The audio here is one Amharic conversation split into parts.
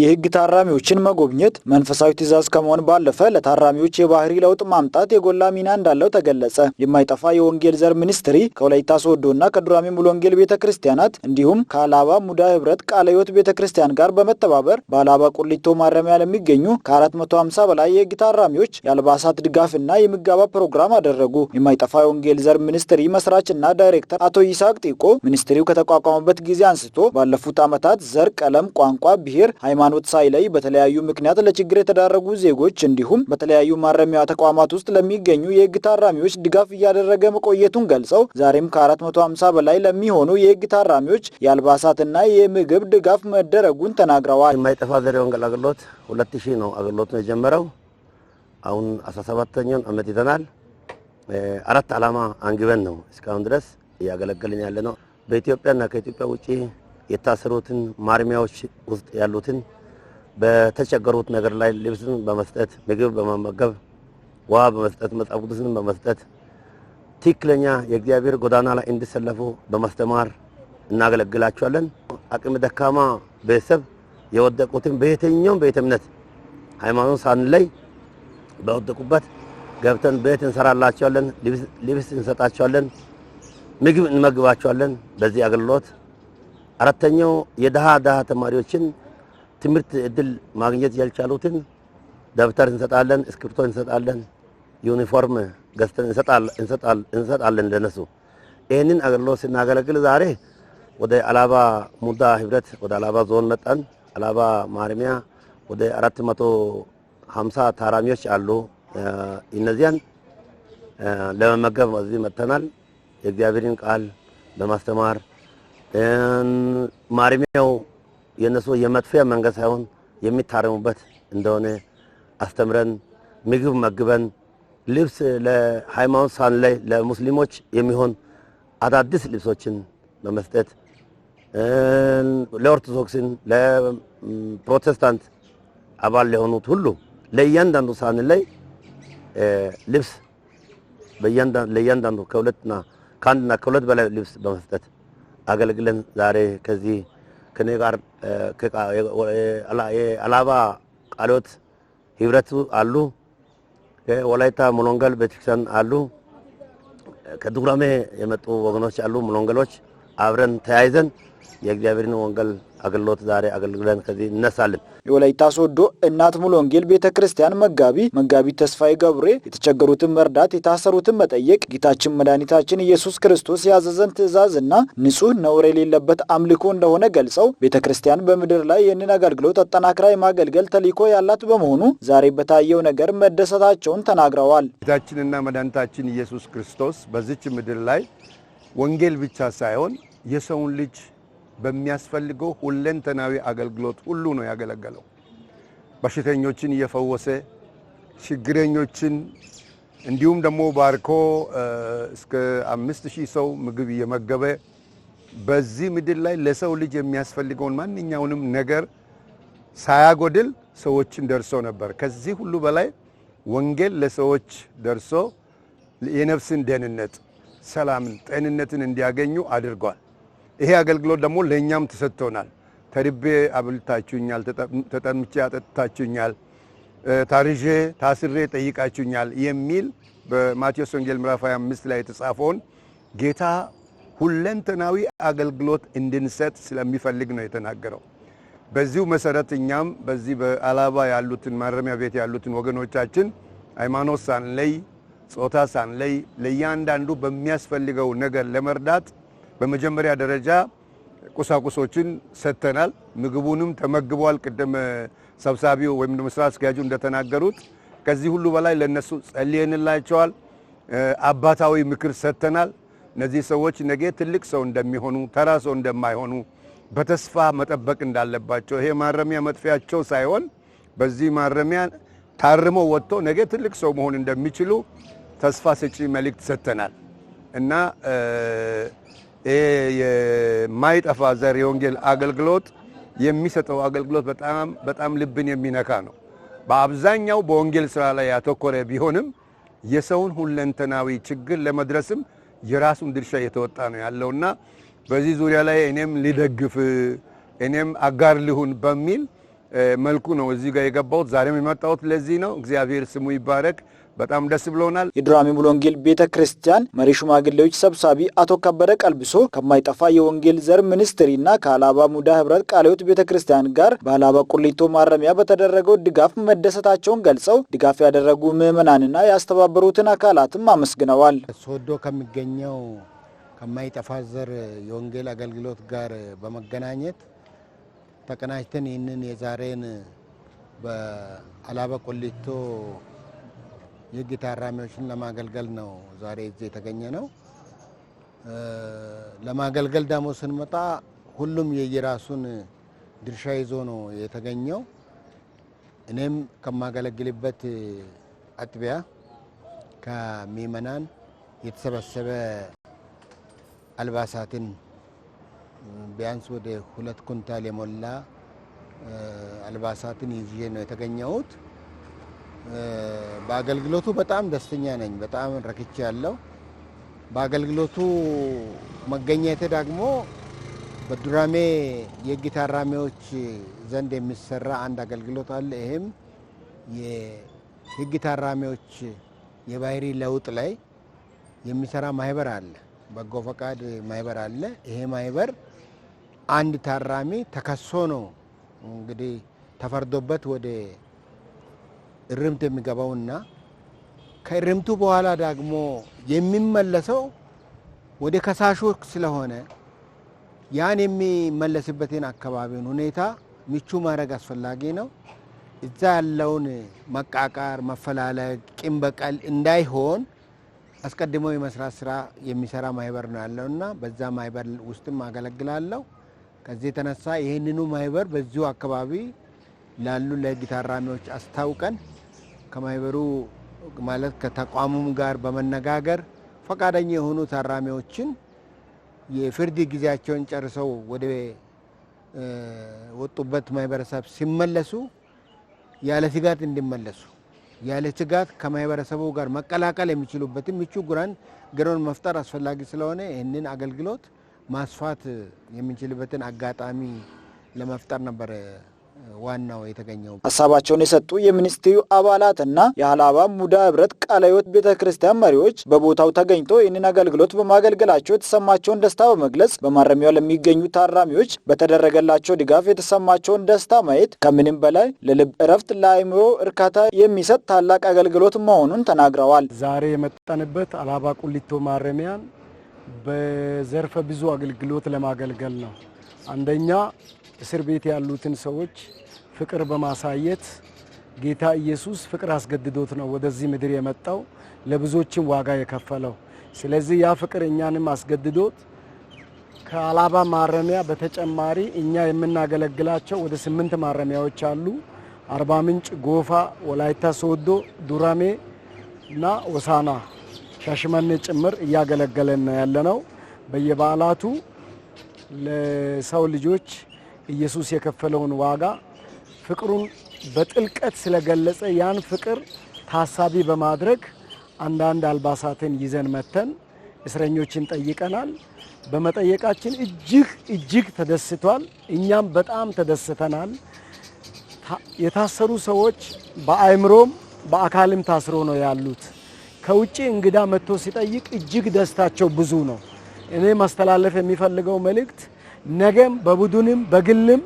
የህግ ታራሚዎችን መጎብኘት መንፈሳዊ ትዕዛዝ ከመሆን ባለፈ ለታራሚዎች የባህሪ ለውጥ ማምጣት የጎላ ሚና እንዳለው ተገለጸ። የማይጠፋ የወንጌል ዘር ሚኒስትሪ ከወላይታ ሶዶና ከዱራሜ ሙሉ ወንጌል ቤተ ክርስቲያናት እንዲሁም ከአላባ ሙዳ ህብረት ቃለ ሕይወት ቤተ ክርስቲያን ጋር በመተባበር በአላባ ቁሊቶ ማረሚያ ለሚገኙ ከ450 በላይ የህግ ታራሚዎች የአልባሳት ድጋፍና የምገባ ፕሮግራም አደረጉ። የማይጠፋ የወንጌል ዘር ሚኒስትሪ መስራችና ዳይሬክተር አቶ ይስሐቅ ጢቆ ሚኒስትሪው ከተቋቋመበት ጊዜ አንስቶ ባለፉት ዓመታት ዘር፣ ቀለም፣ ቋንቋ፣ ብሔር፣ ሃይማኖት ሃይማኖት ሳይለይ በተለያዩ ምክንያት ለችግር የተዳረጉ ዜጎች እንዲሁም በተለያዩ ማረሚያ ተቋማት ውስጥ ለሚገኙ የህግ ታራሚዎች ድጋፍ እያደረገ መቆየቱን ገልጸው ዛሬም ከ450 በላይ ለሚሆኑ የህግ ታራሚዎች የአልባሳትና የምግብ ድጋፍ መደረጉን ተናግረዋል። የማይጠፋ ዘሬውን አገልግሎት ሁለት ሺህ ነው አገልግሎት ነው የጀመረው። አሁን 17ኛውን አመት ይዘናል። አራት ዓላማ አንግበን ነው እስካሁን ድረስ እያገለገልን ያለ ነው። በኢትዮጵያና ከኢትዮጵያ ውጪ የታሰሩትን ማረሚያዎች ውስጥ ያሉትን በተቸገሩት ነገር ላይ ልብስን በመስጠት ምግብ በመመገብ ውሃ በመስጠት መጽሐፍ ቅዱስን በመስጠት ትክክለኛ የእግዚአብሔር ጎዳና ላይ እንዲሰለፉ በማስተማር እናገለግላቸዋለን። አቅም ደካማ ቤተሰብ የወደቁትን በየትኛውም ቤተ እምነት ሃይማኖት ሳንለይ በወደቁበት ገብተን ቤት እንሰራላቸዋለን፣ ልብስ እንሰጣቸዋለን፣ ምግብ እንመግባቸዋለን። በዚህ አገልግሎት አራተኛው የድሃ ድሃ ተማሪዎችን ትምህርት እድል ማግኘት ያልቻሉትን ደብተር እንሰጣለን፣ እስክሪብቶ እንሰጣለን፣ ዩኒፎርም ገዝተን እንሰጣለን ለነሱ። ይህንን አገልግሎት ስናገለግል ዛሬ ወደ አላባ ሙዳ ህብረት ወደ አላባ ዞን መጣን። አላባ ማረሚያ ወደ 450 ታራሚዎች አሉ። እነዚያን ለመመገብ እዚህ መጥተናል። የእግዚአብሔርን ቃል በማስተማር ማረሚያው የእነሱ የመጥፊያ መንገድ ሳይሆን የሚታረሙበት እንደሆነ አስተምረን ምግብ መግበን ልብስ ለሃይማኖት ላይ ለሙስሊሞች የሚሆን አዳዲስ ልብሶችን በመስጠት ለኦርቶዶክስን ለፕሮቴስታንት አባል ለሆኑት ሁሉ ለእያንዳንዱ ሳንለይ ልብስ ለእያንዳንዱ ከሁለትና ከአንድና ከሁለት በላይ ልብስ በመስጠት አገልግለን ዛሬ ከዚህ ከኔ ጋር የአላባ ቃሎት ህብረቱ አሉ፣ ወላይታ ሙሎንገል ቤተክርስቲያን አሉ፣ ከዱራሜ የመጡ ወገኖች አሉ። ሙሎንገሎች አብረን ተያይዘን የእግዚአብሔርን ወንጌል አገልግሎት ዛሬ አገልግለን ከዚህ እነሳለን። የወላይታ ሶዶ እናት ሙሉ ወንጌል ቤተ ክርስቲያን መጋቢ መጋቢ ተስፋዬ ገብሬ የተቸገሩትን መርዳት፣ የታሰሩትን መጠየቅ ጌታችን መድኃኒታችን ኢየሱስ ክርስቶስ ያዘዘን ትእዛዝና ንጹህ ነውር የሌለበት አምልኮ እንደሆነ ገልጸው ቤተ ክርስቲያን በምድር ላይ ይህንን አገልግሎት አጠናክራ የማገልገል ተልዕኮ ያላት በመሆኑ ዛሬ በታየው ነገር መደሰታቸውን ተናግረዋል። ጌታችንና መድኃኒታችን ኢየሱስ ክርስቶስ በዚች ምድር ላይ ወንጌል ብቻ ሳይሆን የሰውን ልጅ በሚያስፈልገው ሁለንተናዊ አገልግሎት ሁሉ ነው ያገለገለው። በሽተኞችን እየፈወሰ ችግረኞችን እንዲሁም ደግሞ ባርኮ እስከ አምስት ሺህ ሰው ምግብ እየመገበ በዚህ ምድር ላይ ለሰው ልጅ የሚያስፈልገውን ማንኛውንም ነገር ሳያጎድል ሰዎችን ደርሶ ነበር። ከዚህ ሁሉ በላይ ወንጌል ለሰዎች ደርሶ የነፍስን ደህንነት፣ ሰላምን፣ ጤንነትን እንዲያገኙ አድርጓል። ይሄ አገልግሎት ደግሞ ለእኛም ተሰጥቶናል። ተርቤ አብልታችሁኛል፣ ተጠምቼ አጠጥታችሁኛል፣ ታርዤ ታስሬ ጠይቃችሁኛል የሚል በማቴዎስ ወንጌል ምዕራፍ 25 ላይ የተጻፈውን ጌታ ሁለንተናዊ አገልግሎት እንድንሰጥ ስለሚፈልግ ነው የተናገረው። በዚሁ መሰረት እኛም በዚህ በአላባ ያሉትን ማረሚያ ቤት ያሉትን ወገኖቻችን ሃይማኖት ሳንለይ፣ ጾታ ሳንለይ ለእያንዳንዱ በሚያስፈልገው ነገር ለመርዳት በመጀመሪያ ደረጃ ቁሳቁሶችን ሰጥተናል። ምግቡንም ተመግቧል ቅድም ሰብሳቢው ወይም ደግሞ ስራ አስኪያጁ እንደተናገሩት ከዚህ ሁሉ በላይ ለነሱ ጸልየንላቸዋል። አባታዊ ምክር ሰጥተናል። እነዚህ ሰዎች ነገ ትልቅ ሰው እንደሚሆኑ፣ ተራ ሰው እንደማይሆኑ በተስፋ መጠበቅ እንዳለባቸው ይሄ ማረሚያ መጥፊያቸው ሳይሆን በዚህ ማረሚያ ታርሞ ወጥቶ ነገ ትልቅ ሰው መሆን እንደሚችሉ ተስፋ ሰጪ መልእክት ሰጥተናል እና የማይጠፋ ዘር የወንጌል አገልግሎት የሚሰጠው አገልግሎት በጣም በጣም ልብን የሚነካ ነው። በአብዛኛው በወንጌል ስራ ላይ ያተኮረ ቢሆንም የሰውን ሁለንተናዊ ችግር ለመድረስም የራሱን ድርሻ እየተወጣ ነው ያለውና በዚህ ዙሪያ ላይ እኔም ሊደግፍ እኔም አጋር ልሁን በሚል መልኩ ነው እዚህ ጋር የገባሁት። ዛሬም የመጣሁት ለዚህ ነው። እግዚአብሔር ስሙ ይባረክ። በጣም ደስ ብሎናል። የዱራሜ ሙሉ ወንጌል ቤተ ክርስቲያን መሪ ሽማግሌዎች ሰብሳቢ አቶ ከበደ ቀልብሶ ከማይጠፋ የወንጌል ዘር ሚኒስትሪና ከአላባ ሙዳ ህብረት ቃለ ቤተ ክርስቲያን ጋር በአላባ ቁሊቶ ማረሚያ በተደረገው ድጋፍ መደሰታቸውን ገልጸው ድጋፍ ያደረጉ ምዕመናንና ያስተባበሩትን አካላትም አመስግነዋል። ሶዶ ከሚገኘው ከማይጠፋ ዘር የወንጌል አገልግሎት ጋር በመገናኘት ተቀናጅተን ይህንን የዛሬን በአላባ ቁሊቶ የህግ ታራሚዎችን ለማገልገል ነው ዛሬ እዚህ የተገኘ ነው። ለማገልገል ደግሞ ስንመጣ ሁሉም የየራሱን ድርሻ ይዞ ነው የተገኘው። እኔም ከማገለግልበት አጥቢያ ከሚመናን የተሰበሰበ አልባሳትን ቢያንስ ወደ ሁለት ኩንታል የሞላ አልባሳትን ይዤ ነው የተገኘሁት። በአገልግሎቱ በጣም ደስተኛ ነኝ። በጣም ረክቼ ያለው በአገልግሎቱ መገኘቴ ደግሞ በዱራሜ የህግ ታራሚዎች ዘንድ የሚሰራ አንድ አገልግሎት አለ። ይህም የህግ ታራሚዎች የባህሪ ለውጥ ላይ የሚሰራ ማህበር አለ፣ በጎ ፈቃድ ማህበር አለ። ይሄ ማህበር አንድ ታራሚ ተከሶ ነው እንግዲህ ተፈርዶበት ወደ እርምት የሚገባውና ከእርምቱ በኋላ ደግሞ የሚመለሰው ወደ ከሳሹ ስለሆነ ያን የሚመለስበትን አካባቢውን ሁኔታ ምቹ ማድረግ አስፈላጊ ነው። እዛ ያለውን መቃቃር፣ መፈላለግ፣ ቂም በቀል እንዳይሆን አስቀድሞ የመስራት ስራ የሚሰራ ማህበር ነው ያለው እና በዛ ማህበር ውስጥም አገለግላለሁ። ከዚህ የተነሳ ይህንኑ ማህበር በዚሁ አካባቢ ላሉ ለህግ ታራሚዎች አስታውቀን ከማህበሩ ማለት ከተቋሙም ጋር በመነጋገር ፈቃደኛ የሆኑ ታራሚዎችን የፍርድ ጊዜያቸውን ጨርሰው ወደ ወጡበት ማህበረሰብ ሲመለሱ ያለ ስጋት እንዲመለሱ ያለ ስጋት ከማህበረሰቡ ጋር መቀላቀል የሚችሉበትም ምቹ ጉራን ገሮን መፍጠር አስፈላጊ ስለሆነ ይህንን አገልግሎት ማስፋት የምንችልበትን አጋጣሚ ለመፍጠር ነበር ዋናው የተገኘው። ሀሳባቸውን የሰጡ የሚኒስትሩ አባላትና የሀላባ ሙዳ ህብረት ቃለ ሕይወት ቤተ ክርስቲያን መሪዎች በቦታው ተገኝቶ ይህንን አገልግሎት በማገልገላቸው የተሰማቸውን ደስታ በመግለጽ በማረሚያው ለሚገኙ ታራሚዎች በተደረገላቸው ድጋፍ የተሰማቸውን ደስታ ማየት ከምንም በላይ ለልብ እረፍት፣ ለአእምሮ እርካታ የሚሰጥ ታላቅ አገልግሎት መሆኑን ተናግረዋል። ዛሬ የመጣንበት ሀላባ ቁሊቶ ማረሚያን በዘርፈ ብዙ አገልግሎት ለማገልገል ነው። አንደኛ እስር ቤት ያሉትን ሰዎች ፍቅር በማሳየት ጌታ ኢየሱስ ፍቅር አስገድዶት ነው ወደዚህ ምድር የመጣው ለብዙዎችም ዋጋ የከፈለው። ስለዚህ ያ ፍቅር እኛንም አስገድዶት ከአላባ ማረሚያ በተጨማሪ እኛ የምናገለግላቸው ወደ ስምንት ማረሚያዎች አሉ። አርባ ምንጭ፣ ጎፋ፣ ወላይታ ሶዶ፣ ዱራሜ እና ወሳና ሻሽመኔ ጭምር እያገለገለን ነው። በየበዓላቱ ለሰው ልጆች ኢየሱስ የከፈለውን ዋጋ ፍቅሩን በጥልቀት ስለገለጸ ያን ፍቅር ታሳቢ በማድረግ አንዳንድ አልባሳትን ይዘን መተን እስረኞችን ጠይቀናል። በመጠየቃችን እጅግ እጅግ ተደስቷል። እኛም በጣም ተደስተናል። የታሰሩ ሰዎች በአእምሮም በአካልም ታስሮ ነው ያሉት። ከውጭ እንግዳ መጥቶ ሲጠይቅ እጅግ ደስታቸው ብዙ ነው። እኔ ማስተላለፍ የሚፈልገው መልእክት ነገም በቡድንም በግልም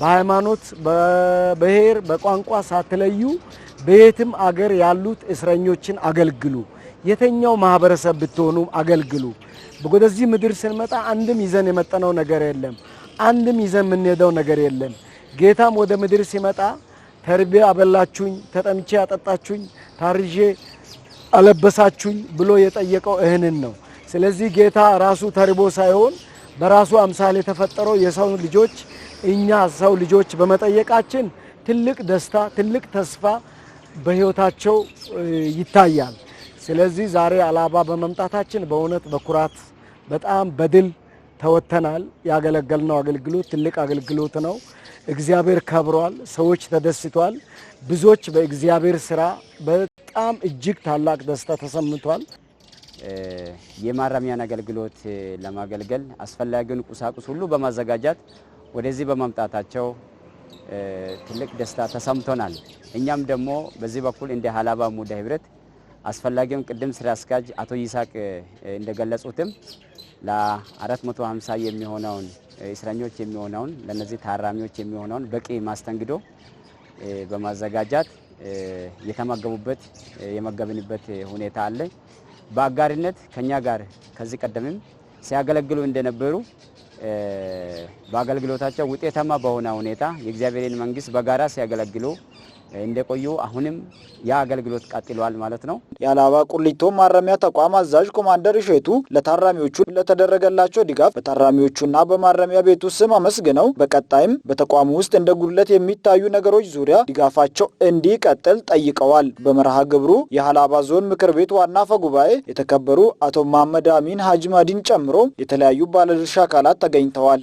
በሃይማኖት፣ በብሔር፣ በቋንቋ ሳትለዩ በየትም አገር ያሉት እስረኞችን አገልግሉ። የተኛው ማህበረሰብ ብትሆኑ አገልግሉ። ወደዚህ ምድር ስንመጣ አንድም ይዘን የመጠነው ነገር የለም። አንድም ይዘን የምንሄደው ነገር የለም። ጌታም ወደ ምድር ሲመጣ ተርቤ አበላችሁኝ፣ ተጠምቼ አጠጣችሁኝ፣ ታርዤ አለበሳችሁኝ ብሎ የጠየቀው እህንን ነው። ስለዚህ ጌታ ራሱ ተርቦ ሳይሆን በራሱ አምሳል የተፈጠረው የሰው ልጆች እኛ ሰው ልጆች በመጠየቃችን ትልቅ ደስታ፣ ትልቅ ተስፋ በህይወታቸው ይታያል። ስለዚህ ዛሬ አላባ በመምጣታችን በእውነት በኩራት በጣም በድል ተወጥተናል። ያገለገልነው አገልግሎት ትልቅ አገልግሎት ነው። እግዚአብሔር ከብሯል። ሰዎች ተደስቷል። ብዙዎች በእግዚአብሔር ስራ በጣም እጅግ ታላቅ ደስታ ተሰምቷል። የማረሚያን አገልግሎት ለማገልገል አስፈላጊውን ቁሳቁስ ሁሉ በማዘጋጃት ወደዚህ በማምጣታቸው ትልቅ ደስታ ተሰምቶናል። እኛም ደግሞ በዚህ በኩል እንደ ሀላባ ሙዳ ህብረት አስፈላጊውን ቅድም ስራ አስኪያጅ አቶ ይስሐቅ እንደገለጹትም ለ450 የሚሆነውን እስረኞች የሚሆነውን ለነዚህ ታራሚዎች የሚሆነውን በቂ ማስተንግዶ በማዘጋጃት የተመገቡበት የመገብንበት ሁኔታ አለ። በአጋርነት ከኛ ጋር ከዚህ ቀደምም ሲያገለግሉ እንደነበሩ በአገልግሎታቸው ውጤታማ በሆነ ሁኔታ የእግዚአብሔርን መንግስት በጋራ ሲያገለግሉ እንደቆዩ አሁንም ያ አገልግሎት ቀጥሏል ማለት ነው። የአላባ ቁሊቶ ማረሚያ ተቋም አዛዥ ኮማንደር እሸቱ ለታራሚዎቹ ለተደረገላቸው ድጋፍ በታራሚዎቹና በማረሚያ ቤቱ ስም አመስግነው በቀጣይም በተቋሙ ውስጥ እንደ ጉድለት የሚታዩ ነገሮች ዙሪያ ድጋፋቸው እንዲቀጥል ጠይቀዋል። በመርሃ ግብሩ የአላባ ዞን ምክር ቤት ዋና አፈ ጉባኤ የተከበሩ አቶ መሐመድ አሚን ሀጅማዲን ጨምሮ የተለያዩ ባለድርሻ አካላት ተገኝተዋል።